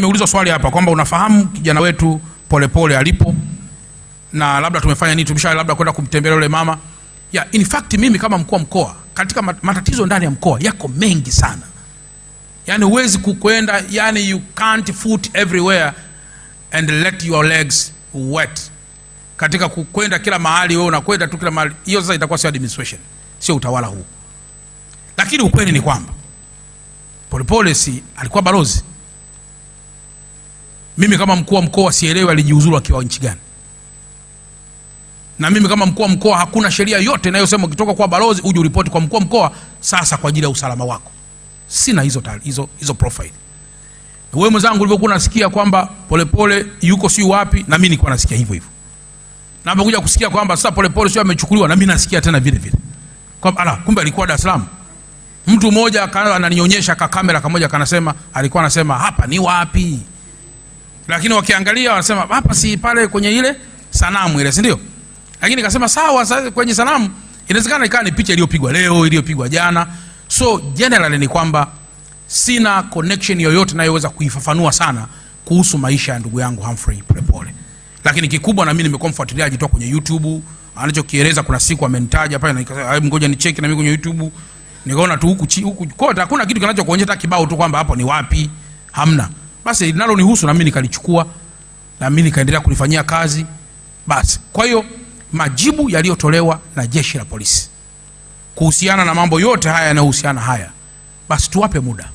nimeulizwa swali hapa kwamba unafahamu kijana wetu Polepole alipo na labda tumefanya nini, tumesha labda kwenda kumtembelea yule mama ya, in fact mimi kama mkuu wa mkoa, katika matatizo ndani ya mkoa yako mengi sana, yani huwezi kukwenda, yani you can't foot everywhere and let your legs wet. Katika kukwenda kila mahali, wewe unakwenda tu kila mahali, hiyo sasa itakuwa sio administration, sio utawala huu. Lakini ukweli ni kwamba Polepole si alikuwa balozi mimi kama mkuu wa mkoa sielewi alijiuzuru akiwa nchi gani, na mimi kama mkuu wa mkoa hakuna sheria yote inayosema ukitoka kwa balozi uje uripoti kwa mkuu wa mkoa sasa kwa ajili ya usalama wako. Sina hizo tali, hizo hizo profile. Wewe mwenzangu ulivyokuwa unasikia kwamba Polepole pole, yuko si wapi, na mimi nilikuwa nasikia hivyo hivyo, na mbona kuja kusikia kwamba sasa Polepole sio amechukuliwa, na mimi nasikia tena vile vile kwa ala, kumbe alikuwa Dar es Salaam. Mtu mmoja akaanza ananionyesha ka kamera kamoja, kanasema alikuwa anasema hapa ni wapi lakini wakiangalia wanasema hapa si pale kwenye ile sanamu ile, si ndio? Lakini kasema sawa, sasa kwenye sanamu inawezekana ikawa ni picha iliyopigwa leo, iliyopigwa jana. So generally ni kwamba sina connection yoyote nayoweza kuifafanua sana kuhusu maisha ya ndugu yangu Humphrey Polepole, lakini kikubwa na mimi nimekuwa mfuatiliaji toka kwenye YouTube anachokieleza. Kuna siku amenitaja pale na nikasema ngoja ni cheki na mimi kwenye YouTube, nikaona tu huku huku kote hakuna kitu kinachokuonyesha hata kibao tu kwamba hapo ni wapi, hamna basi na mimi nikalichukua na mimi nikaendelea kulifanyia kazi. Basi kwa hiyo majibu yaliyotolewa na jeshi la polisi kuhusiana na mambo yote haya yanayohusiana haya, basi tuwape muda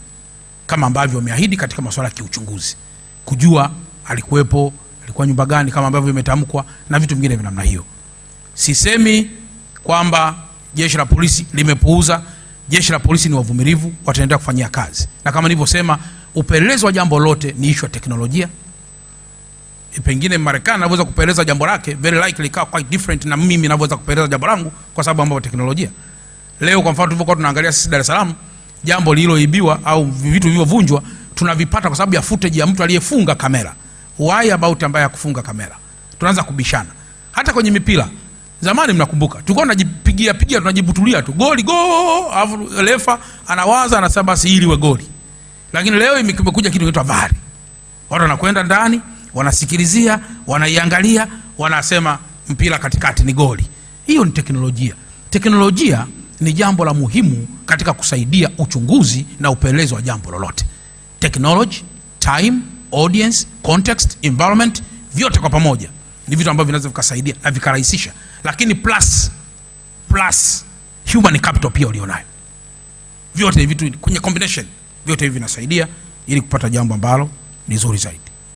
kama ambavyo wameahidi katika masuala ya kiuchunguzi, kujua alikuwepo, alikuwa nyumba gani, kama ambavyo imetamkwa na vitu vingine vya namna hiyo. Sisemi kwamba jeshi la polisi limepuuza. Jeshi la polisi ni wavumilivu, wataendelea kufanyia kazi, na kama nilivyosema upelelezi wa jambo lote ni ishu ya teknolojia. E, Pengine Marekani anaweza kupeleza jambo lake very likely ikawa quite different na mimi navyoweza kupeleza jambo langu kwa sababu ambapo teknolojia. Leo kwa mfano tulivyokuwa tunaangalia sisi Dar es Salaam jambo lililoibiwa au vitu vilivyovunjwa tunavipata kwa sababu ya footage ya mtu aliyefunga kamera. Why about ambaye akufunga kamera? Tunaanza kubishana. Hata kwenye mipira zamani, mnakumbuka tulikuwa tunajipigia pigia tunajibutulia tu goli go, alafu refa anawaza anasema basi hili liwe goli lakini leo imekuja kitu kinaitwa vari Watu wanakwenda ndani, wanasikilizia, wanaiangalia, wanasema mpira katikati ni goli. Hiyo ni teknolojia. Teknolojia ni jambo la muhimu katika kusaidia uchunguzi na upelelezi wa jambo lolote. Technology, time, audience, context, environment, vyote kwa pamoja ni vitu ambavyo vinaweza vikasaidia na vikarahisisha, lakini plus plus human capital pia ulionayo, vyote ni vitu kwenye combination. Vyote hivi vinasaidia ili kupata jambo ambalo ni zuri zaidi.